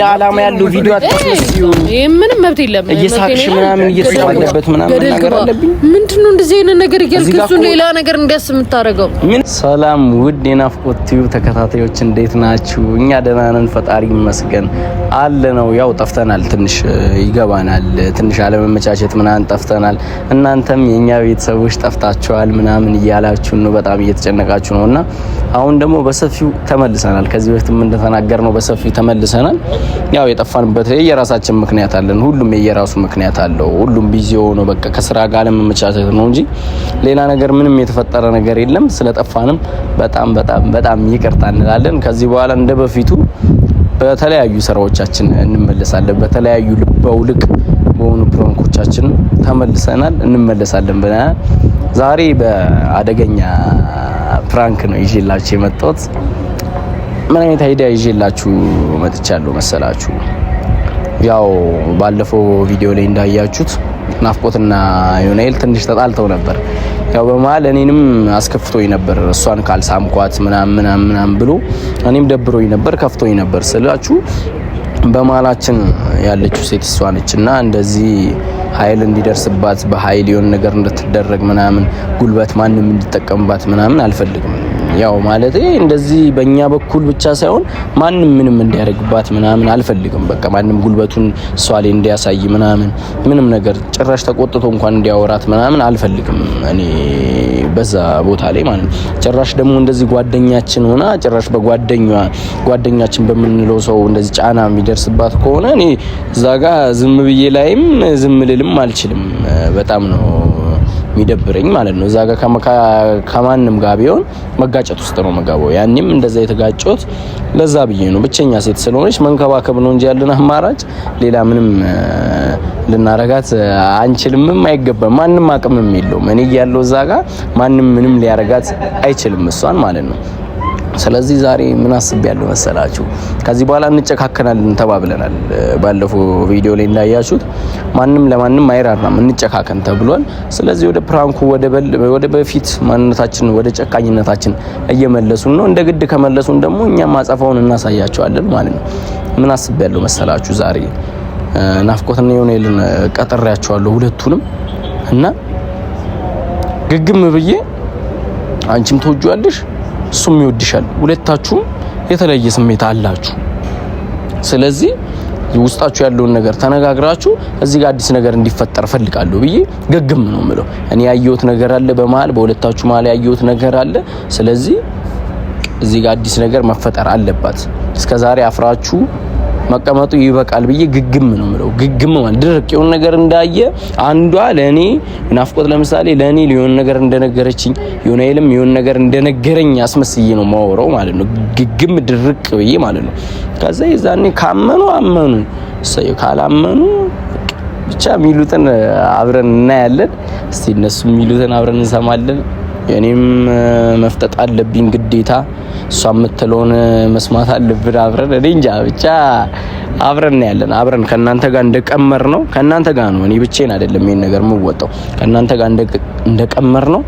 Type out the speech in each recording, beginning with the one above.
ለዓላማ ያለው ቪዲዮ አትስዩ። ምንም መብት የለም። እየሳቅሽ ምናምን እየተጫወተበት ምናምን ነገር አለብኝ። ምንድን ነው እንደዚህ አይነት ነገር እያልክ እሱን ሌላ ነገር እንዲያስብ የምታደርገው? ሰላም ውድ የናፍቆት ቲዩብ ተከታታዮች እንዴት ናችሁ? እኛ ደህና ነን፣ ፈጣሪ ይመስገን አለ ነው። ያው ጠፍተናል፣ ትንሽ ይገባናል። ትንሽ አለመመቻቸት ምናምን ጠፍተናል። እናንተም የእኛ ቤተሰቦች ጠፍታችኋል ምናምን እያላችሁ ነው፣ በጣም እየተጨነቃችሁ ነው። እና አሁን ደግሞ በሰፊው ተመልሰናል። ከዚህ በፊትም እንደተናገር ነው በሰፊው ተመልሰናል። ያው የጠፋንበት የየራሳችን ምክንያት አለን። ሁሉም የየራሱ ምክንያት አለው። ሁሉም ቢዚ ሆኖ በቃ ከስራ ጋር ለመመቻቸት ነው እንጂ ሌላ ነገር ምንም የተፈጠረ ነገር የለም። ስለጠፋንም በጣም በጣም በጣም ይቅርታ እንላለን። ከዚህ በኋላ እንደ በፊቱ በተለያዩ ስራዎቻችን እንመለሳለን። በተለያዩ ልበውልቅ በሆኑ ፕሮንኮቻችን ተመልሰናል እንመለሳለን ብለናል። ዛሬ በአደገኛ ፕራንክ ነው ይዤላችሁ የመጣሁት። ምን አይነት አይዲያ ይዤላችሁ መጥቻለሁ መሰላችሁ? ያው ባለፈው ቪዲዮ ላይ እንዳያችሁት ናፍቆትና ዮናኤል ትንሽ ተጣልተው ነበር። ያው በመሀል እኔንም አስከፍቶኝ ነበር፣ እሷን ካልሳምኳት ምናምን ምናምን ምናምን ብሎ እኔም ደብሮኝ ነበር፣ ከፍቶኝ ነበር ስላችሁ በመሀላችን ያለችው ሴት እሷ ነችና እንደዚህ ኃይል እንዲደርስባት በኃይል የሆነ ነገር እንድትደረግ ምናምን ጉልበት ማንም እንዲጠቀምባት ምናምን አልፈልግም። ያው ማለት እንደዚህ በእኛ በኩል ብቻ ሳይሆን ማንም ምንም እንዲያደርግባት ምናምን አልፈልግም። በቃ ማንም ጉልበቱን እሷ ላይ እንዲያሳይ ምናምን ምንም ነገር ጭራሽ ተቆጥቶ እንኳን እንዲያወራት ምናምን አልፈልግም እኔ በዛ ቦታ ላይ ማለት ነው። ጭራሽ ደግሞ እንደዚህ ጓደኛችን ሆና ጭራሽ በጓደኛ ጓደኛችን በምንለው ሰው እንደዚህ ጫና የሚደርስባት ከሆነ እኔ እዛ ዝም ብዬ ላይም ዝም ልልም አልችልም። በጣም ነው የሚደብረኝ ማለት ነው። እዛ ጋር ከማንም ጋር ቢሆን መጋጨት ውስጥ ነው መጋበው። ያኔም እንደዛ የተጋጨሁት ለዛ ብዬ ነው። ብቸኛ ሴት ስለሆነች መንከባከብ ነው እንጂ ያለን አማራጭ ሌላ ምንም ልናረጋት አንችልምም፣ አይገባም። ማንም አቅምም የለውም። እኔ እያለሁ እዛ ጋር ማንም ምንም ሊያረጋት አይችልም እሷን ማለት ነው። ስለዚህ ዛሬ ምን አስቤያለሁ መሰላችሁ? ከዚህ በኋላ እንጨካከናለን ተባብለናል። ባለፈው ቪዲዮ ላይ እንዳያችሁት ማንም ለማንም አይራራም እንጨካከን ተብሏል። ስለዚህ ወደ ፕራንኩ ወደ በፊት ማንነታችን ወደ ጨካኝነታችን እየመለሱን ነው። እንደ ግድ ከመለሱን ደግሞ እኛም ማጻፋውን እናሳያቸዋለን ማለት ነው። ምን አስቤያለሁ መሰላችሁ? ዛሬ ናፍቆትና የሆነልን ቀጥሬያቸዋለሁ ሁለቱንም እና ግግም ብዬ አንቺም ትወጂዋለሽ እሱም ይወድሻል። ሁለታችሁም የተለየ ስሜት አላችሁ። ስለዚህ ውስጣችሁ ያለውን ነገር ተነጋግራችሁ እዚህ ጋር አዲስ ነገር እንዲፈጠር እፈልጋለሁ ብዬ ገግም ነው ምለው። እኔ ያየሁት ነገር አለ በመሀል በሁለታችሁ መሀል ያየሁት ነገር አለ። ስለዚህ እዚህ ጋር አዲስ ነገር መፈጠር አለባት። እስከዛሬ አፍራችሁ መቀመጡ ይበቃል ብዬ ግግም ነው ምለው። ግግም ማለት ድርቅ የሆነ ነገር እንዳየ አንዷ ለእኔ ናፍቆት፣ ለምሳሌ ለእኔ የሆነ ነገር እንደነገረችኝ የሆነ የለም የሆነ ነገር እንደነገረኝ አስመስዬ ነው ማወራው ማለት ነው። ግግም ድርቅ ብዬ ማለት ነው። ከዛ የዛኔ ካመኑ አመኑ፣ ካላመኑ ብቻ የሚሉትን አብረን እናያለን። እስቲ እነሱ የሚሉትን አብረን እንሰማለን። እኔም መፍጠጥ አለብኝ ግዴታ። እሷ የምትለውን መስማት አለብን አብረን። እኔ እንጃ ብቻ አብረን ያለን አብረን ከእናንተ ጋር እንደቀመር ነው። ከእናንተ ጋር ነው። እኔ ብቻዬን አይደለም ይሄን ነገር የምወጣው። ከእናንተ ጋር እንደቀመር ነው።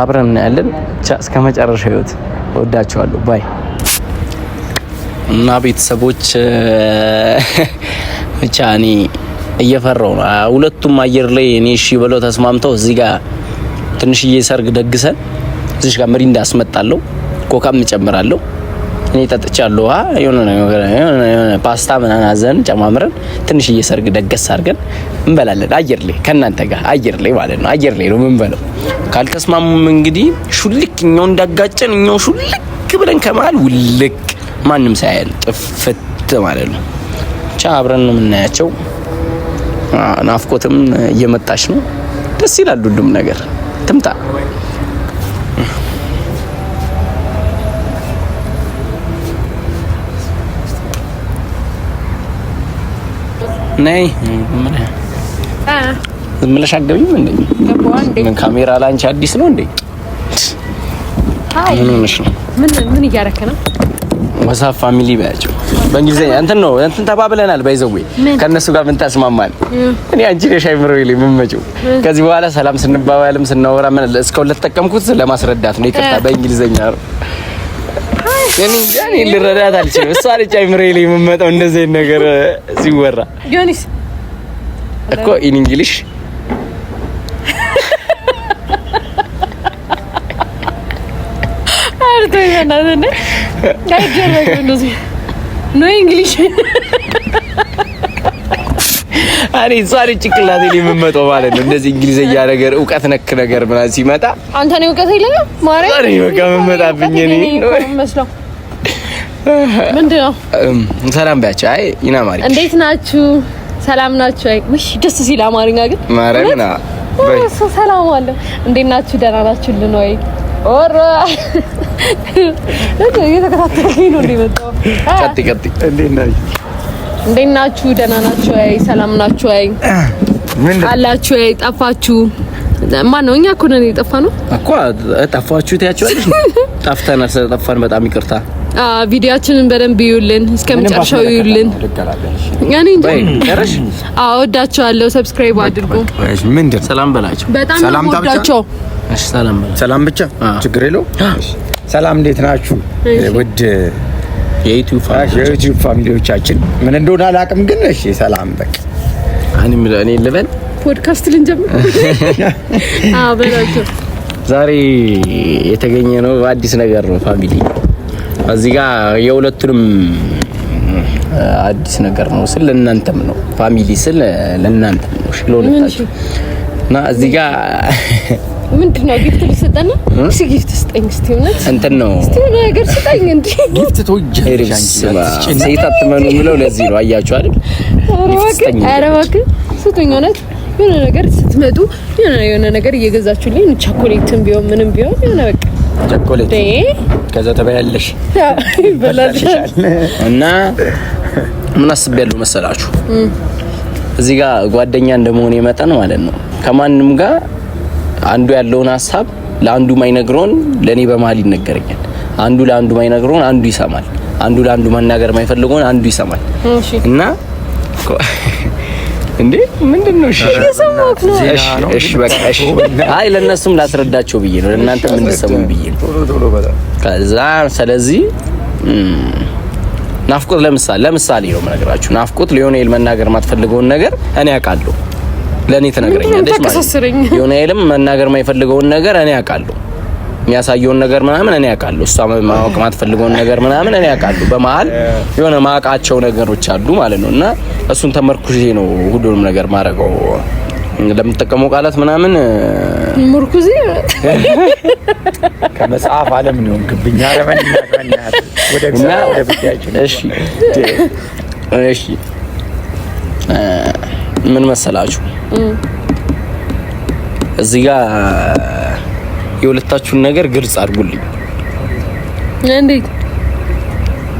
አብረን ያለን ብቻ እስከ መጨረሻ ህይወት። ወዳችኋለሁ። ባይ እና ቤተሰቦች ብቻ እኔ እየፈራው ነው። ሁለቱም አየር ላይ እኔ እሺ ብለው ተስማምተው እዚህ ጋር ትንሽዬ ሰርግ ደግሰን እዚሽ ጋር ምሪንዳ አስመጣለሁ፣ ኮካም እጨምራለሁ። እኔ ጠጥቻለሁ። ውሃ የሆነ ፓስታ ምናምን አዘን ጨማምረን ትንሽዬ ሰርግ ደገስ አድርገን እንበላለን። አየር ላይ ከእናንተ ጋር አየር ላይ ማለት ነው። አየር ላይ ነው የምንበላው። ካልተስማሙም እንግዲህ ሹልክ እኛው እንዳጋጨን እኛው ሹልክ ብለን ከመሀል ውልቅ ማንም ሳያየን ጥፍት ማለት ነው። ብቻ አብረን ነው የምናያቸው። ናፍቆትም እየመጣች ነው። ደስ ይላል ሁሉም ነገር። አትምጣ። ነይ ዝም ብለሽ አትገቢም እንዴ? ካሜራ ላንቺ አዲስ ነው እንዴ? ምን ምን እያደረክ ነው? መሳፍ ፋሚሊ ባያቸው በእንግሊዝኛ እንትን ነው እንትን ተባብለናል። ባይዘዌ ከእነሱ ጋር ምን ተስማማን? እኔ አንቺ ነሽ አይምሮ ይል የምመጪው ከዚህ በኋላ ሰላም ስንባባልም ስናወራ ምን እስከው ለተጠቀምኩት ለማስረዳት ነው። ይቅርታ በእንግሊዝኛ ነው። እኔ ያን ልረዳት አልችልም። እሷ ልጅ አይምሮ ይል የምመጣው እንደዚህ ነገር ሲወራ እኮ ኢን እንግሊሽ መርቶ ይሆናል እና አይደረግም እንደዚህ ኖ እንግሊሽ እኔ ዛሬ ጭንቅላቴ የምመጣው ማለት ነው እንደዚህ እንግሊዘኛ ነገር እውቀት ነክ ነገር ምናምን ሲመጣ አንተ ነው እውቀት የለም ማርያም ዛሬ በቃ የምመጣብኝ እኔ መስሎ ምንድን ነው ሰላም ባያቸው። አይ ኢና ማሪ እንዴት ናችሁ? ሰላም ናችሁ? አይ ምሽ ደስ ሲል አማርኛ ግን ማረና ሰላም አለ። እንዴት ናችሁ? ደህና ናችሁልን ወይ? ወራ እንዴ እንዴት ናችሁ? ደህና ናችሁ? አይ ሰላም ናችሁ? አይ አላችሁ? አይ ጠፋችሁ። ማነው? እኛ እኮ ነን የጠፋነው እኮ። ጠፋችሁ ትያቸዋለሽ። ጠፍተናል። ስለጠፋን በጣም ይቅርታ ቪዲዮአችንን በደንብ ይዩልን፣ እስከመጨረሻው ይዩልን። ያኔ እንጂ ጨርሽ። አዎ ሰብስክራይብ አድርጉ። ምንድን ሰላም በላቸው። በጣም ወዳቸው። ሰላም ብቻ ችግር የለው። ሰላም፣ እንዴት ናችሁ? ውድ የዩቲዩብ ፋሚሊዎቻችን ምን እንደሆነ አላውቅም፣ ግን እሺ፣ ሰላም በቃ እኔ ልበል ፖድካስት ልንጀምር። ዛሬ የተገኘ ነው አዲስ ነገር ነው ፋሚሊ እዚህ ጋር የሁለቱንም አዲስ ነገር ነው ስል ለእናንተም ነው ፋሚሊ ስል ለእናንተም ነው ሽሎ እና እዚህ ጋር ምንድን ነው ጊፍት ጊፍት ስጠኝ እውነት እንትን ነው ነገር ስጠኝ ጊፍት ሴት አትመኑ ለዚህ ነው አያችሁ አይደል? ኧረ እባክህ ስጡኝ እውነት የሆነ ነገር ስትመጡ የሆነ ነገር እየገዛችሁልኝ ቢሆን ምንም ቢሆን የሆነ በቃ ቸኮሌት ከዛ ተበያለሽ እና ምን አስቤያለሁ መሰላችሁ? እዚህ ጋር ጓደኛ እንደመሆን የመጠን ማለት ነው ከማንም ጋር አንዱ ያለውን ሀሳብ ለአንዱ ማይነግረውን ለእኔ በመሀል ይነገረኛል። አንዱ ለአንዱ ማይነግረውን አንዱ ይሰማል። አንዱ ለአንዱ መናገር ማይፈልገውን አንዱ ይሰማል እና እንዴ ምንድን ነው? እሺ እሺ በቃ እሺ። አይ ለእነሱም ላስረዳቸው ብዬ ነው፣ ለእናንተ እንድትሰሙኝ ብዬ ነው። ከዛ ስለዚህ ናፍቆት ለምሳሌ ለምሳሌ ነው የምነግራችሁ። ናፍቆት ሊዮኔል መናገር የማትፈልገውን ነገር እኔ አውቃለሁ፣ ለእኔ ትነግረኛለች ማለት ነው። ዮናኤልም መናገር የማይፈልገውን ነገር እኔ አውቃለሁ፣ የሚያሳየውን ነገር ምናምን እኔ አውቃለሁ፣ እሷ ማወቅ የማትፈልገውን ነገር ምናምን እኔ አውቃለሁ። በመሀል የሆነ ማውቃቸው ነገሮች አሉ ማለት ነው እና እሱን ተመርኩዜ ነው ሁሉንም ነገር ማድረገው። ለምጠቀመው ቃላት ምናምን ሙርኩዚ ከመጽሐፍ ዓለም ነው ግብኛ እሺ፣ ምን መሰላችሁ እዚህ ጋር የሁለታችሁን ነገር ግልጽ አድርጉልኝ። እንዴት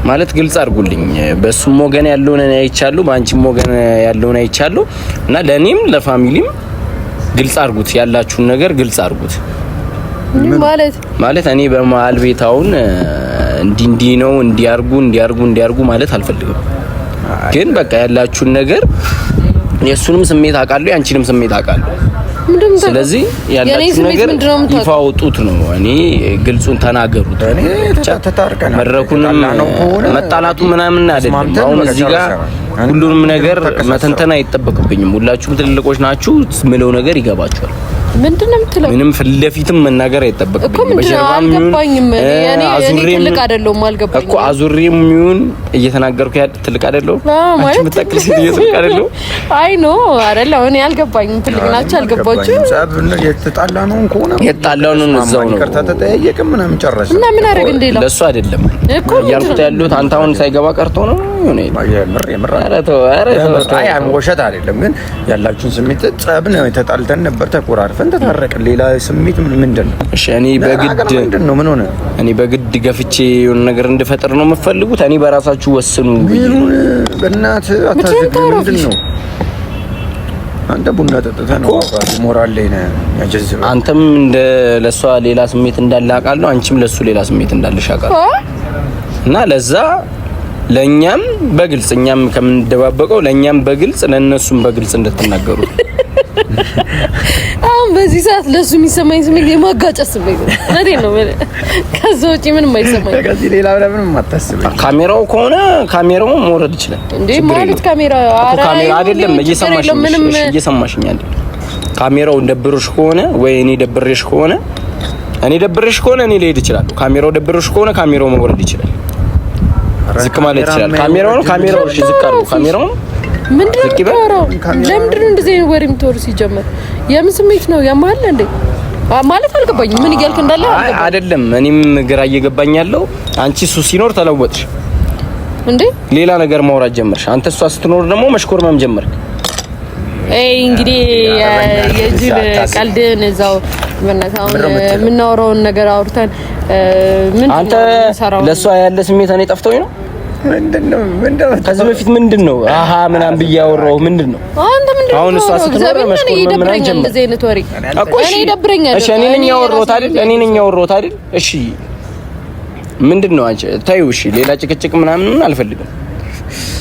ማለት ግልጽ አድርጉልኝ። በሱም ወገን ያለውን እኔ አይቻለሁ፣ በአንቺም ወገን ያለውን አይቻለሁ እና ለእኔም ለፋሚሊም ግልጽ አድርጉት፣ ያላችሁን ነገር ግልጽ አድርጉት። ማለት ማለት እኔ በመሀል ቤታውን እንዲህ እንዲህ ነው እንዲያርጉ እንዲያርጉ እንዲያርጉ ማለት አልፈልግም፣ ግን በቃ ያላችሁን ነገር የእሱንም ስሜት አውቃለሁ፣ የአንቺንም ስሜት አውቃለሁ ስለዚህ ያላችሁ ነገር ይፋ አውጡት ነው። እኔ ግልጹን ተናገሩት። መድረኩን መጣላቱ ምናምን አይደለም። አሁን እዚህ ጋር ሁሉንም ነገር መተንተን አይጠበቅብኝም። ሁላችሁም ትልልቆች ናችሁ። ምለው ነገር ይገባችኋል። ምንድን ነው የምትለው? ምንም ፊት ለፊትም መናገር አይጠበቅም በጀርባም ምንድን ነው አልገባኝም። እኔ ትልቅ አይደለሁም አልገባኝም እኮ አዙሪም ይሁን እየተናገርኩ ያ ትልቅ አይደለሁም። አንቺ የምትጠቅል ሴት ትልቅ አይደለሁም። አይ ኖ አይደለሁ እኔ አልገባኝም። ትልቅ ናቸው አልገባችሁም። ጸብ የተጣላ ነው ከሆነ የተጣላው ነው እዛው ነው ይቅርታ ተጠያየቅም ምናምን ጨረሰ እና ምን አደረግ እንዴ ለእሱ አይደለም እኮ እያልኩት ያሉት አንተ አሁን ሳይገባ ቀርቶ ነው የሆነ የምር የምር ውሸት አይደለም። ግን ያላችሁን ስሜት ጸብ ነው። ተጣልተን ነበር፣ ተኮራርፈን ተታረቅን። ሌላ ስሜት ምንድን ነው? እሺ እኔ በግድ ምንድን ነው? ምን ሆነ? እኔ በግድ ገፍቼ የሆነ ነገር እንድፈጥር ነው የምፈልጉት? እኔ በራሳችሁ ወስኑ። በእናትህ አታዝግ። ምንድን ነው አንተ ቡና ጠጥተህ ነው ሞራል ላይ ነህ ያጀዝብ። አንተም እንደ ለሷ ሌላ ስሜት እንዳለ አውቃለሁ፣ አንቺም ለሱ ሌላ ስሜት እንዳለሽ አውቃለሁ እና ለዛ ለእኛም በግልጽ እኛም ከምንደባበቀው ለእኛም በግልጽ ለእነሱም በግልጽ እንድትናገሩ። አሁን በዚህ ሰዓት ለእሱ የሚሰማኝ ስሜት የማጋጨት ስሜት ነው። ከዛ ውጭ ምንም አይሰማኝ። ሌላ ምንም አታስብ። ካሜራው ከሆነ ካሜራው መውረድ ይችላል እንዴ ማለት ካሜራ አይደለም። እየሰማሽኝ አይደለም። ካሜራው ደብሮሽ ከሆነ ወይ እኔ ደብሬሽ ከሆነ እኔ ደብሬሽ ከሆነ እኔ ልሄድ ይችላል። ካሜራው ደብሮሽ ከሆነ ካሜራው መውረድ ይችላል። ዝቅ ማለት ይችላል። ካሜራውን ካሜራውን እሺ፣ ዝቅ አድርጉ። ካሜራውን ምንድነው የምታወራው? ለምንድነው እንደዚህ ነው ወሬ የምታወሩ? ሲጀመር የምን ስሜት ነው ያማል እንዴ? ማለት አልገባኝም። ምን እያልክ እንዳለ አይደለም። እኔም ግራ እየገባኝ ያለው አንቺ እሱ ሲኖር ተለወጥሽ እንዴ? ሌላ ነገር ማውራት ጀመርሽ። አንተ እሷ ስትኖር ደግሞ መሽኮርመም ጀመርክ። እንግዲህ የጅል ቀልድን እዛው የምናወራውን ነገር አውርተን አንተ ለእሷ ያለ ስሜት እኔ ጠፍቶኝ ነው። ከዚህ በፊት ምንድን ነው አሀ ምናምን ብዬሽ አወራሁ። ምንድን ነው አሁን እሷ ስትኖር እሺ ምንድን ነው አንቺ ተይው። እሺ ሌላ ጭቅጭቅ ምናምን አልፈልግም።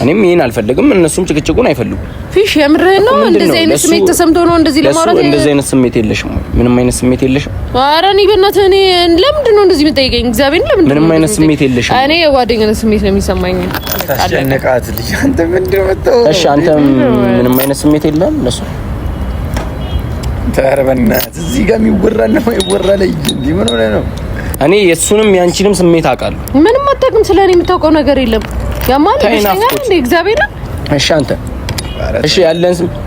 እኔም ይሄን አልፈልግም፣ እነሱም ጭቅጭቁን አይፈልጉም። ፊሽ የምርህን ነው? እንደዚህ አይነት ስሜት ተሰምቶ ነው እንደዚህ ለማውራት? እንደዚህ አይነት ስሜት የለሽም ምንም አይነት ስሜት የለሽም? ኧረ እኔ በእናትህ እኔ ለምንድን ነው እንደዚህ የምጠይቀኝ? እግዚአብሔር ለምንድን ነው? ምንም አይነት ስሜት የለሽም? እኔ የጓደኝነት ስሜት ነው የሚሰማኝ። ታስጨነቃት ልጅ። አንተ ምንድን ነው? እሺ አንተ ምንም አይነት ስሜት የለህም ለሱ ተረበና እዚህ ጋር የሚወራ ነው የሚወራ ላይ ምን ሆነህ ነው እኔ የእሱንም ያንቺንም ስሜት አውቃለሁ። ምንም አታውቅም። ስለ እኔ የምታውቀው ነገር የለም። ያማል ይሽኛል እንደ እግዚአብሔር። እሺ አንተ እሺ ያለን ስሜት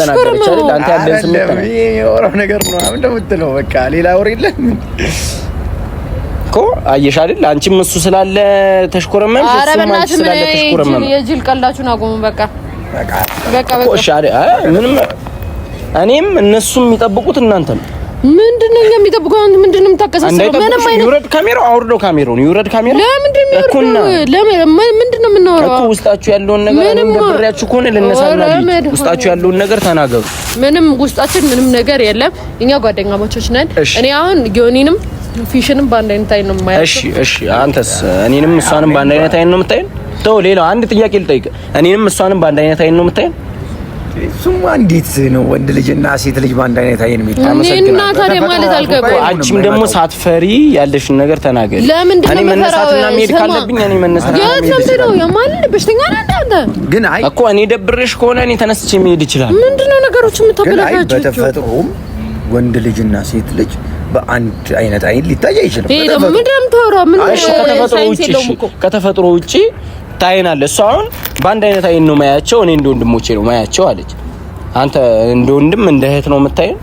ተናገረች አይደል? አንተ ያለን ስሜት ነገር ነው በቃ ሌላ አየሽ አይደል? አንቺም እሱ ስላለ ተሽኮረመም፣ እሱም ስላለ ተሽኮረመም። የጅል ቀላችሁን አቁሙ በቃ በቃ በቃ። እሺ አይደል? ምንም እኔም እነሱም የሚጠብቁት እናንተ ነው ምንድን ነው የሚጠብቀው? ምንድን ነው የምታቀሳስረው? ምንም አይነት ይውረድ ካሜራው፣ አውርዶ ካሜራውን ይውረድ ካሜራ። ለምንድን ነው ምንድን ነው የምናወራው እኮ? ውስጣችሁ ያለውን ነገር እንደብሬያችሁ ከሆነ ልነሳላችሁ። ውስጣችሁ ያለውን ነገር ተናገሩ። ምንም ውስጣችን ምንም ነገር የለም። እኛ ጓደኛሞቾች ነን። እኔ አሁን ጊዮኒንም ፊሽንም በአንድ አይነት አይን ነው የማየው። እሺ፣ እሺ። አንተስ እኔንም እሷንም በአንድ አይነት አይን ነው የምታየን? ተው፣ ሌላ አንድ ጥያቄ ልጠይቅ። እኔንም እሷንም በአንድ አይነት አይን ነው የምታየን? እሱማ እንዴት ነው ወንድ ልጅና ሴት ልጅ በአንድ አይነት አይን የሚታ? ታዲያ ማለት አልገባም። አንቺም ደግሞ ሳትፈሪ ያለሽን ነገር ተናገሪ። ለምንድን ነው መነሳትና መሄድ ካለብኝ እኔ መነሳት ነው የማልን። በሽተኛ ነህ አንተ ግን። አይ እኮ እኔ ደብሬሽ ከሆነ እኔ ተነስቼ መሄድ ይችላል። ምንድን ነው ነገሮች የምታበላሻቸው? በተፈጥሮም ወንድ ልጅና ሴት ልጅ በአንድ አይነት አይን ሊታይ አይችልም። ከተፈጥሮ ውጪ ታየናለህ። እሱ አሁን በአንድ አይነት አይን ነው ማያቸው፣ እኔ እንደ ወንድሞቼ ነው ማያቸው አለች። አንተ እንደ ወንድም እንደ እህት ነው የምታየን፣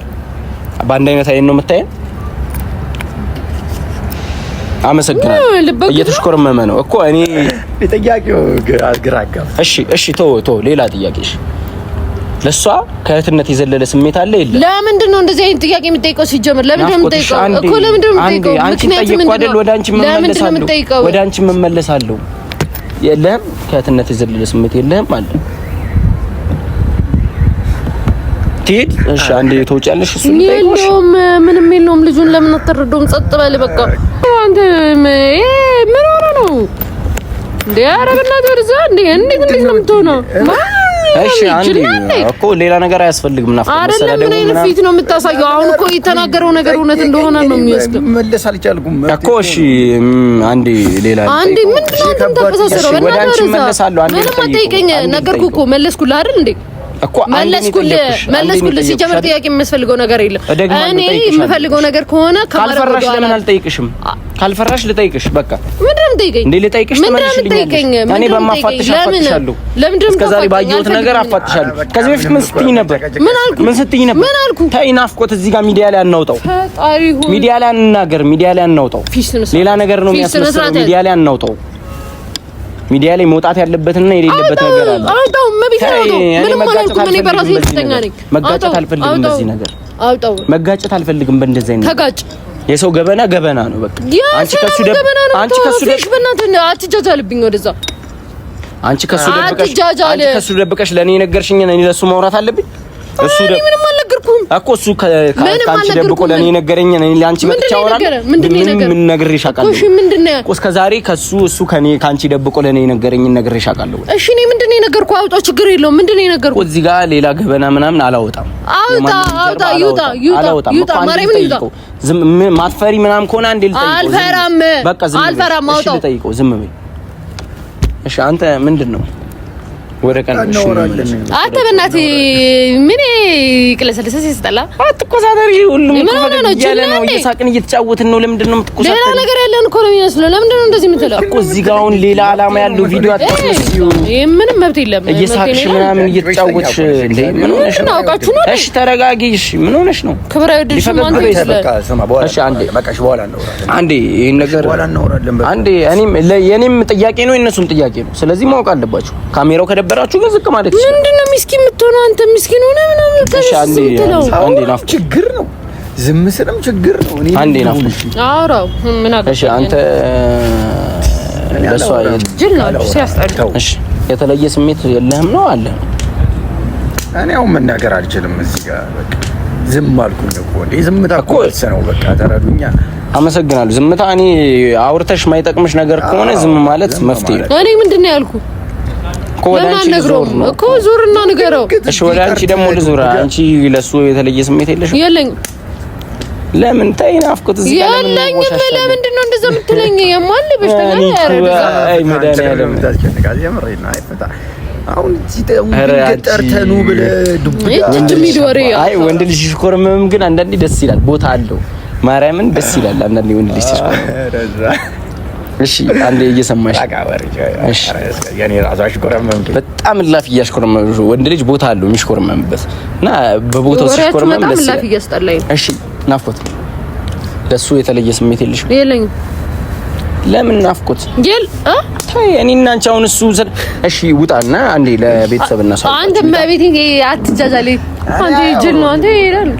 በአንድ አይነት አይን ነው የምታየን። አመሰግናለሁ። እየተሽኮረመመ ነው እኮ እኔ ጥያቄው ግራ አጋባ። እሺ፣ እሺ፣ ቶ ቶ ሌላ ጥያቄ እሺ ለሷ ከእህትነት የዘለለ ስሜት አለ የለም? ለምንድን ነው እንደዚህ አይነት ጥያቄ የምጠይቀው? ሲጀምር ለምንድን ነው የምጠይቀው እኮ? ለምንድን ነው የምጠይቀው? ምክንያቱም ምንድን ነው ወደ አንቺ መመለሳለሁ። የለህም ከእህትነት የዘለለ ስሜት የለህም አለ። ትሄድ እሺ፣ አንዴ ተውጫለሽ። እሱ የለውም ምንም የለውም። ልጁን ለምን አትረዳውም? ጸጥ በል በቃ። አንተ ምን ሆነ ነው እንዴ? ኧረ በእናትህ ወደዛ እንዴ! እንዴት እንዴት ነው የምትሆነው? እሺ አንዴ እኮ ሌላ ነገር አያስፈልግም። ናፍቆት መሰለህ ደግሞ ምን ፊት ነው የምታሳየው? አሁን እኮ የተናገረው ነገር እውነት እንደሆነ ነው የሚወስደው። መለስ አልቻልኩም እኮ እሺ፣ አንዴ ሌላ አንዴ ምን ነው ተፈሰሰረው ወደ አንቺ መለሳለሁ። አንዴ ጠይቀኝ ነገርኩህ እኮ መለስኩልህ አይደል እንዴ? እኮ መለስኩልህ መለስኩልህ። ሲጀመር ጥያቄ የሚያስፈልገው ነገር የለም። እኔ የምፈልገው ነገር ከሆነ ካልፈራሽ ለምን አልጠይቅሽም? ካልፈራሽ ልጠይቅሽ በቃ የምትጠይቀኝ? እንዴ ባየሁት ነገር አፋጥሻለሁ። ከዚህ በፊት ምን ስትይኝ ነበር? ምን ስትይኝ ነበር? ተይ ናፍቆት እዚህ ጋር ሚዲያ ላይ አናውጣው። ሚዲያ ላይ አናገር፣ ሚዲያ ላይ አናውጣው። ሌላ ነገር ነው የሚያስመስለው። ሚዲያ ላይ አናውጣው። ሚዲያ ላይ መውጣት ያለበትና የሌለበት ነገር አለ። አውጣው፣ መብይታ ምንም መጋጨት አልፈልግም። በዚህ ነገር አውጣው። መጋጨት አልፈልግም። በእንደዚህ አይነት ተጋጭ የሰው ገበና ገበና ነው። በቃ አንቺ ከሱ ደብ አንቺ ከሱ ደብ በእናትህ አትጃጃልብኝ። ወደዛ አንቺ ከሱ ደብቀሽ አንቺ ከሱ ደብቀሽ ለእኔ የነገርሽኝ እኔ ለሱ ማውራት አለብኝ። እሱ ደብ አልነገርኩም እኮ እሱ ከአንቺ ደብቆ ለእኔ ነገረኝ። እኔ ለአንቺ መጥቼ አወራለሁ። ምን ነግሬሽ አውቃለሁ? እሺ ምንድን ነው እስከ ዛሬ ከእሱ እሱ ከእኔ ከአንቺ ደብቆ ለእኔ ነገረኝ። ነግሬሽ አውቃለሁ። እሺ እኔ ምንድን ነው የነገርኩህ? አውጣው፣ ችግር የለውም። ምንድን ነው የነገርኩህ? እዚህ ጋር ሌላ ገበና ምናምን አላወጣም። አውጣ፣ አውጣ፣ ይውጣ፣ ይውጣ፣ ይውጣ፣ ማርያምን ይውጣ። ዝም ማትፈሪ ምናምን ከሆነ አንዴ ልጠይቀው። አልፈራም፣ በቃ ዝም አልፈራም። አውጣው፣ ልጠይቀው። ዝም በይ። እሺ አንተ ምንድን ነው ወደ ቀን አንተ በእናትህ ምን ቅለሰለሰ ሲስጠላ አትቆሳተሪ። ሁሉም ምን ሆነ ነው ያለ ነው። እየሳቅን እየተጫወትን ነው። ለምንድን ነው የምትቆሳተሪ? ሌላ ነገር ያለን እኮ ነው የሚመስለው። ለምንድን ነው እንደዚህ የምትለው እኮ? እዚህ ጋር አሁን ሌላ አላማ ያለው ቪዲዮ አትስዩ። ምንም መብት የለም። እየሳቅሽ ምናምን እየተጫወትሽ ምን ሆነሽ ነው? አውቃችሁ ነው። እሺ ተረጋጊ። እሺ ምን ሆነሽ ነው? ክብራዊ ይወድልሽ ማን ይስለ እሺ አንዴ በቃሽ። በኋላ ነው አንዴ ይሄን ነገር በኋላ ነው አንዴ እኔም የኔም ጥያቄ ነው የነሱም ጥያቄ ነው። ስለዚህ ማወቅ አለባችሁ ካሜራው ከደበረ ከነበራችሁ ግን ዝቅ ማለት ይችላል። ምንድን ነው ምስኪን የምትሆነው አንተ? ምስኪን ሆነ ምናምን ችግር ነው። ዝም ስልም ችግር ነው። እኔ አንዴ ናፍ አውራው ምን እሺ አንተ? ለሷ ጅል ነው እሺ የተለየ ስሜት የለህም ነው አለ። እኔ አሁን መናገር አልችልም እዚህ ጋር በቃ ዝም አልኩኝ እኮ እንዴ። ዝምታ እኮ እልስ ነው። በቃ ተረዱኛ። አመሰግናለሁ። ዝምታ እኔ አውርተሽ ማይጠቅምሽ ነገር ከሆነ ዝም ማለት መፍትሄ ነው። እኔ ምንድን ነው ያልኩ እኮ ዙርና ንገረው። እሺ ወደ አንቺ ደግሞ ልዙር። አንቺ ለሱ የተለየ ስሜት የለሽም? የለኝም። ለምን ተይ፣ ናፍቆት እዚህ ጋር የለኝም። ለምንድን ነው እንደዛ የምትለኝ? የማል በሽተኛ ወንድ ልጅ ሲሽኮርምም ግን አንዳንዴ ደስ ይላል፣ ቦታ አለው። ማርያምን ደስ ይላል አንዳንዴ ወንድ ልጅ ሲሽኮርም እሺ አንዴ እየሰማሽ በጣም ላፍ እያሽኮረመም ወንድ ልጅ ቦታ አለው የሚሽኮረመምበት እና በቦታው ሲሽኮረመም እሺ ናፍቆት ለሱ የተለየ ስሜት የለሽም የለኝም ለምን ናፍቆት ይል ታይ እኔና አንቺ አሁን እሱ እሺ ውጣና አንዴ ለቤተሰብ እናሳው አንተ ማቤት አትጃጃሊ አንዴ ጅል ነው አንተ ይላል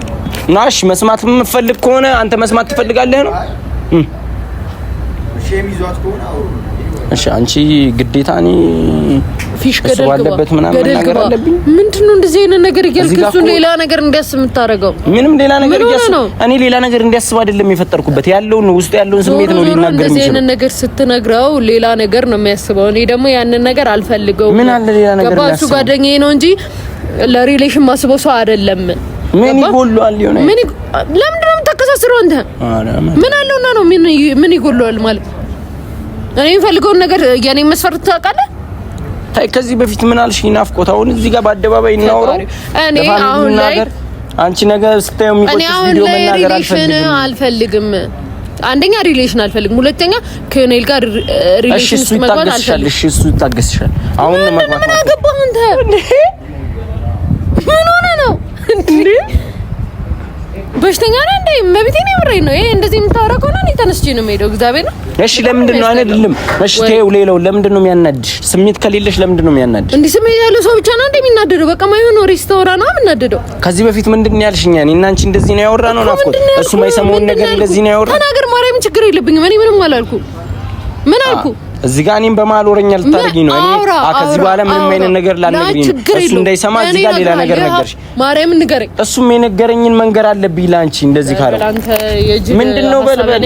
ናሽ መስማት የምፈልግ ከሆነ አንተ መስማት ትፈልጋለህ ነው እሺ አንቺ ግዴታ እኔ ፊሽ ገደል ባለበት ምናምን ነገር አለብኝ። ምንድነው እንደዚህ አይነት ነገር እያልክ እሱ ሌላ ነገር እንዲያስብ የምታደርገው? ምንም ሌላ ነገር እያስብ እኔ ሌላ ነገር እንዲያስብ አይደለም የፈጠርኩበት። ያለውን ውስጡ ያለውን ስሜት ነው ሊናገር የሚችለው። እንደዚህ አይነት ነገር ስትነግረው ሌላ ነገር ነው የሚያስበው። እኔ ደግሞ ያንን ነገር አልፈልገውም። ምን አለ ሌላ ነገር የሚያስበው? እሱ ጓደኛዬ ነው እንጂ ለሪሌሽን ማስበው ሰው አይደለም። ምን ይጎሏል? ሊሆነ ምን ለምንድነው የምታስተሳስረው አንተ ምን አለውና ነው? ምን ምን ይጎለዋል ማለት እኔ የምፈልገውን ነገር የኔ መስፈርት ታውቃለህ። ታይ ከዚህ በፊት ምን አልሽ ናፍቆት አሁን እዚህ ጋር በአደባባይ እናውራው። እኔ አሁን ላይ አንቺ ነገር ስታየው የሚቆጭሽ ቪዲዮ መናገር አልፈልግም። አልፈልግም አንደኛ ሪሌሽን አልፈልግም፣ ሁለተኛ ከኔል ጋር ሪሌሽን ውስጥ መግባት አልፈልግም። እሺ እሱ ይታገስሻል። አሁን መግባት ምን አገባህ አንተ? ምን ሆነ ነው እንዴ? በሽተኛ ነው እንዴ? መብቴ ነው የምሬ ነው። ይሄ እንደዚህ የምታወራ ከሆነ እኔ ተነስቼ ነው የምሄደው። እግዚአብሔር ነው። እሺ፣ ለምንድን ነው አይደለም? እሺ፣ ተይው። ሌላው ለምንድን ነው የሚያናድሽ? ስሜት ከሌለሽ ለምንድን ነው የሚያናድሽ? እንዴ ስሜት ያለው ሰው ብቻ ነው እንዴ የሚናደደው? በቃ ማይሆን ወሬ ስታወራ ነው የምናደደው። ከዚህ በፊት ምንድን ነው ያልሽኝ? እኔ እና አንቺ እንደዚህ ነው ያወራ ነው ናፍቆት፣ እሱ ማይሰማውን ነገር እንደዚህ ነው ያወራ። ተናገር ማርያም፣ ችግር የለብኝም። እኔ ምንም አላልኩ። ምን አልኩ? እዚህ ጋር እኔም በመሀል ወረኛ ልታደርጊ ነው። እኔ ከዚህ በኋላ ምንም አይነት ነገር ላነግሪ ነው። እሱ እንዳይሰማ እዚህ ጋር ሌላ ነገር ነገርሽ። ማርያም ንገረኝ። እሱም የነገረኝን መንገር አለብኝ ላንቺ። እንደዚህ ካለ ምንድን ነው በልበል?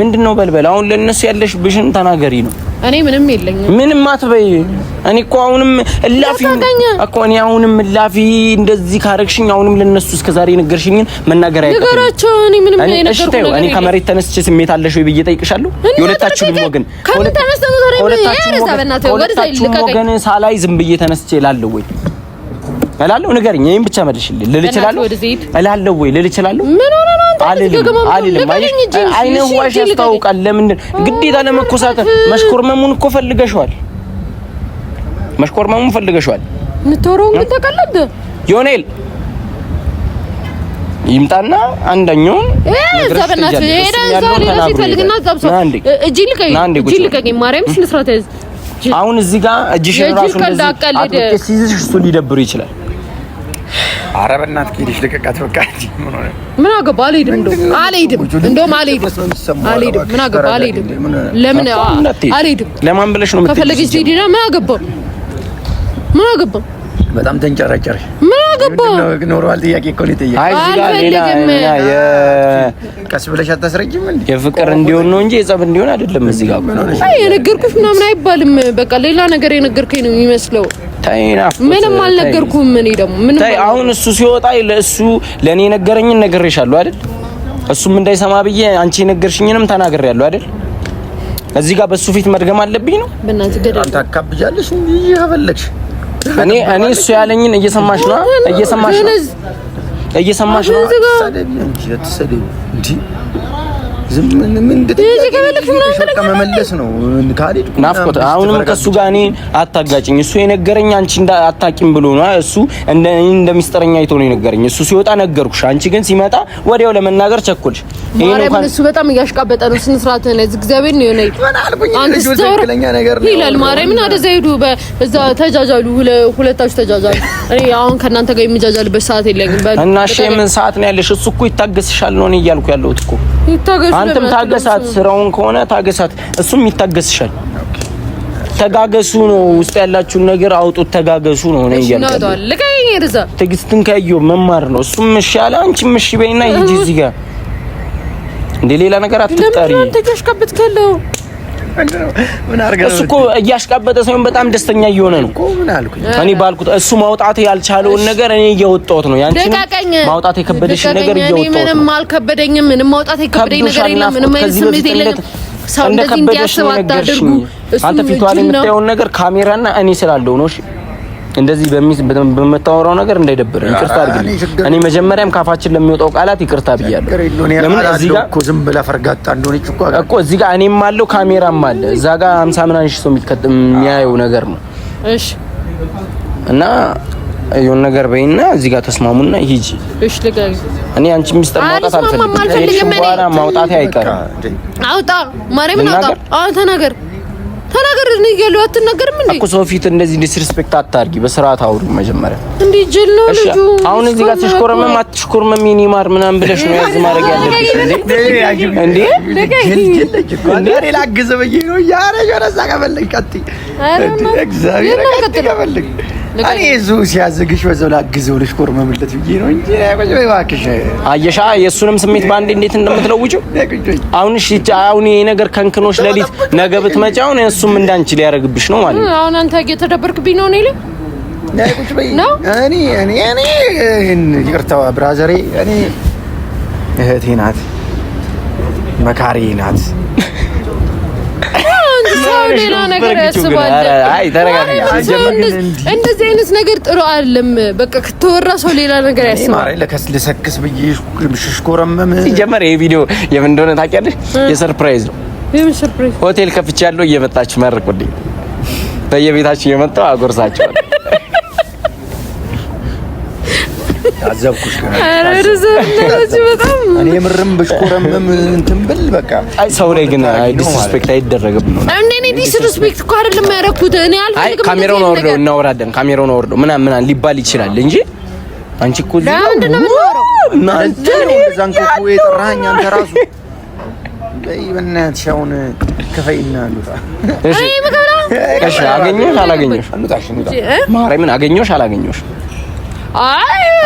ምንድን ነው በልበል? አሁን ለእነሱ ያለሽ ብሽን ተናገሪ ነው እኔ ምንም የለኝም። ምንም አትበይ። እኔ እኮ አሁንም እላፊ እኮ እኔ አሁንም እላፊ እንደዚህ ካረግሽኝ አሁንም ለነሱ እስከ ዛሬ የነገርሽኝን መናገር አይቀርም። ንገራቸው። እኔ ምንም ላይ ነገር የነገርኩኝ እኔ ከመሬት ተነስቼ ስሜት አለሽ ወይ ብዬ ጠይቅሻለሁ። የሁለታችሁም ወገን ከሁለታችሁም ወገን ሳላይ ዝም ብዬ ተነስቼ እላለሁ ወይ እላለሁ። ንገሪኝ። ይሄን ብቻ መልሽልኝ። ልል እችላለሁ እላለሁ ወይ ልል እችላለሁ። አልልም። አይነ ዋሽ ያስታውቃል። ለምንድን ግዴታ ለመኮሳተር? መሽኮርመሙን እኮ ፈልገሽዋል። መሽኮርመሙን ፈልገሽዋል። የምትወረውን ግን ተቀለደ ዮኔል ይምጣና አንደኛውን አሁን እዚህ ጋር እጅሽን ራሱ ሲይዝሽ እሱ ሊደብሩ ይችላል። አረብናት በእናትህ ሄደሽ ልቀቃት። በቃ ምን ሆነ? ምን አገባ? አልሄድም፣ እንደውም አልሄድም፣ እንደውም አልሄድም፣ ምን አገባ? አልሄድም። ለምን አልሄድም? ለማን ብለሽ ነው? ከፈለገች ምን አገባ? ምን አገባ? በጣም ተንጨረጨረሽ። አገባ ኖርማል ጥያቄ እኮ ነው የጠየቀው። ቀስ ብለሽ አታስረጅም። የፍቅር እንዲሆን ነው እንጂ የጸብ እንዲሆን አይደለም። እዚህ ጋር አይ የነገርኩሽ ምናምን አይባልም። በቃ ሌላ ነገር የነገርከኝ ነው የሚመስለው። ምንም አልነገርኩም። እኔ ደግሞ ምንም አሁን እሱ ሲወጣ ለእሱ ለእኔ የነገረኝን ነግሬሻለሁ አይደል? እሱም እንዳይሰማ ብዬ አንቺ የነገርሽኝንም ተናግሬያለሁ አይደል? እዚህ ጋር በእሱ ፊት መድገም አለብኝ ነው? በእናትህ ገደል አንተ አካብጃለሽ እንጂ እኔ እኔ እሱ ያለኝን እየሰማሽ ነው፣ እየሰማሽ ነው፣ እየሰማሽ ነው። መመለስ ነው። ናፍቆት አሁንም ከሱ ጋር እኔ አታጋጭኝ። እሱ የነገረኝ አንቺ አታቂም ብሎ ነው። እሱ እንደ ሚስጥረኛ አይቶ ነው የነገረኝ። እሱ ሲወጣ ነገርኩሽ፣ አንቺ ግን ሲመጣ ወዲያው ለመናገር ቸኮልሽ። እሱ በጣም እያሽቃበጠ ነው። ስነ ስርዓት ነህ። እግዚአብሔር ነው የሆነ ይላል። ማርያምን አደዛ ሄዱ። በዛ ተጃጃሉ፣ ሁለታችሁ ተጃጃሉ። እኔ አሁን ከእናንተ ጋር የሚጃጃልበት ሰዓት የለኝም እና እሺ፣ የምን ሰዓት ነው ያለሽ? እሱ እኮ ይታገስሻል ነው እኔ እያልኩ ያለሁት እኮ ይታገስ አንተም ታገሳት፣ ስራውን ከሆነ ታገሳት፣ እሱም ይታገስሻል። ተጋገሱ ነው ውስጥ ያላችሁን ነገር አውጡት። ተጋገሱ ነው ነው ያለው። ትግስትን ከዩ መማር ነው። እሱም እሺ አለ፣ አንቺም እሺ በይና ሂጂ። እዚህ ጋር እንደ ሌላ ነገር አትጣሪ። እሱ እኮ እያሽቃበጠ ሳይሆን በጣም ደስተኛ እየሆነ ነው። እኔ ባልኩት እሱ ማውጣት ያልቻለውን ነገር እኔ እየወጣሁት ነው። ያንቺ ማውጣት የከበደሽ ነገር እየወጣሁት ነው። ምንም አልከበደኝም። ምንም ማውጣት የከበደኝ ነገር የለም። ምንም አይነት ስሜት የለኝም። ሰው እንደዚህ እንዲያስብ አታድርጉ። አንተ ፊቷ ላይ የምታየውን ነገር ካሜራና እኔ ስላለው ነው። እሺ እንደዚህ በምታወራው ነገር እንዳይደብር ይቅርታ አድርግልኝ። እኔ መጀመሪያም ካፋችን ለሚወጣው ቃላት ይቅርታ ብያለሁ። ለምን እዚህ ጋር እኮ ዝም ብለህ ፈርጋታ እንደሆነች እኮ እኮ እዚህ ጋር እኔም አለው ካሜራም አለ እዛ ጋር ሀምሳ ምናምን ሺህ ሰው የሚያየው ነገር ነው። እሺ እና የሆነ ነገር በይና እዚህ ጋር ተስማሙና ሂጂ። እሺ ልገዝ እኔ አንቺ ሚስጥር ማውጣት አልፈልግም። ማውጣት አይቀርም። አውጣ ማርያምን አውጣ። አዎ ተናገር ተናገር ነው ይገሉ አትናገርም እንዴ? እኮ ሰው ፊት እንደዚህ ዲስሪስፔክት አታርጊ። በስርዓት አውሪ መጀመሪያ። እንዴ ጅል ነው ልጁ። አሁን እዚህ ጋር ሲሽኮርመም አትሽኮርመም ሚኒማር ምናምን ብለሽ ነው ያዝ ማድረግ ያለብሽ እንዴ? እኔ እሱ ሲያዝግሽ በዛው ላግዘው ቆርመምለት ብዬ ነው እንጂ እባክሽ። አየሻ የእሱንም ስሜት በአንዴ እንዴት እንደምትለውጭው አሁን አሁን ይሄ ነገር ከንክኖሽ ለሊት ነገ ብትመጪ አሁን እሱም እንዳንቺ ሊያደርግብሽ ነው ማለት ነው። አሁን አንተ እየተደበርክብኝ ነው እኔ እኔ ይቅርታ ብራዘሬ፣ እኔ እህቴ ናት፣ መካሪ ናት ሰው ሌላ ነገር ያስባል። እንደዚህ አይነት ነገር ጥሩ አይደለም። በቃ ከተወራ ሰው ሌላ ነገር ያስባል። ሽሽኮረመም ሲጀመር ይሄ ቪዲዮ የምን እንደሆነ ታውቂያለሽ? የሰርፕራይዝ ነው። የምን ሰርፕራይዝ? ሆቴል ከፍቻለሁ፣ እየመጣችሁ መርቁልኝ። በየቤታችሁ እየመጣሁ አጎርሳችኋለሁ አዘብኩሽ። እኔ ብሽኮረምም እንትን ብል በቃ ሰው ላይ ግን ዲስሪስፔክት አይደረግም ነው እንዴ? እኔ ዲስሪስፔክት እኮ አይደለም ያደረኩት። እኔ አልፈልግም። ካሜራውን እናወራለን። ካሜራውን አወርደው ምናምን ምናምን ሊባል ይችላል እንጂ አንቺ እኮ አገኘሽ አላገኘሽ? ማርያምን አገኘሽ አላገኘሽ? አይ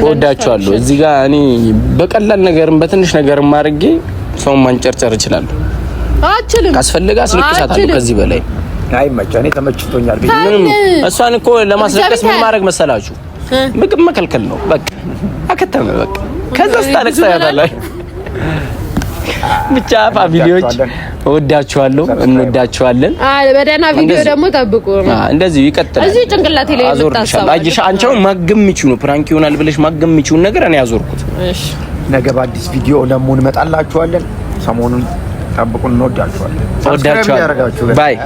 እወዳቸዋለሁ። እዚህ ጋር እኔ በቀላል ነገርም በትንሽ ነገርም አድርጌ ሰውን ማንጨርጨር እችላለሁ። አችልም ካስፈለገ አስለቅሳታለሁ። ከዚህ በላይ አይ አይመቸ እኔ ተመችቶኛል። እሷን እኮ ለማስለቀስ ምን ማድረግ መሰላችሁ? ምግብ መከልከል ነው። በቃ አከተመ። በቃ ከዛ ስታለቅሳ ያታላችሁ ብቻ ፋሚሊዎች እወዳችኋለሁ፣ እንወዳችኋለን። በደህና ቪዲዮ ደግሞ ጠብቁ። እንደዚሁ ይቀጥላል። እዚህ ጭንቅላቴ ላይ የምታሳብ አየሽ። አንቺ አሁን ማገምቺው ነው ፕራንክ ይሆናል ብለሽ ማገምቺውን ነገር እኔ ያዞርኩት። እሺ፣ ነገ በአዲስ ቪዲዮ ደግሞ እንመጣላችኋለን። ሰሞኑን ጠብቁን። እንወዳችኋለን። ባይ